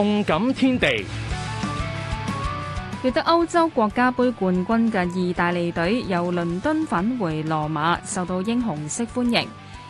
動感天地，奪得歐洲國家盃冠軍嘅意大利隊由倫敦返回羅馬，受到英雄式歡迎。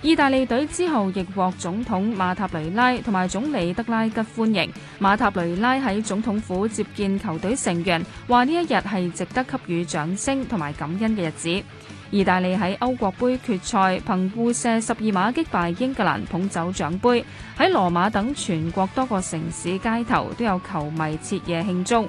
意大利隊之後亦獲總統馬塔雷拉同埋總理德拉吉歡迎。馬塔雷拉喺總統府接見球隊成員，話呢一日係值得給予掌聲同埋感恩嘅日子。意大利喺歐國杯決賽憑互射十二碼擊敗英格蘭，捧走獎杯。喺羅馬等全國多個城市街頭都有球迷徹夜慶祝。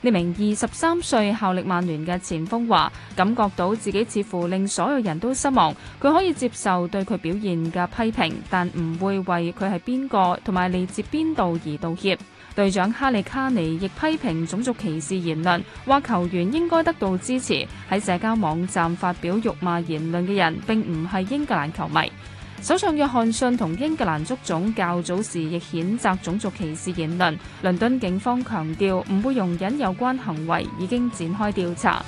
呢名二十三歲效力曼聯嘅前鋒話感覺到自己似乎令所有人都失望。佢可以接受對佢表現嘅批評，但唔會為佢係邊個同埋嚟自邊度而道歉。隊長哈利卡尼亦批評種族歧視言論，話球員應該得到支持。喺社交網站發表辱罵言論嘅人，並唔係英格蘭球迷。首相約翰遜同英格蘭足總較早時亦譴責種族歧視言論，倫敦警方強調唔會容忍有關行為，已經展開調查。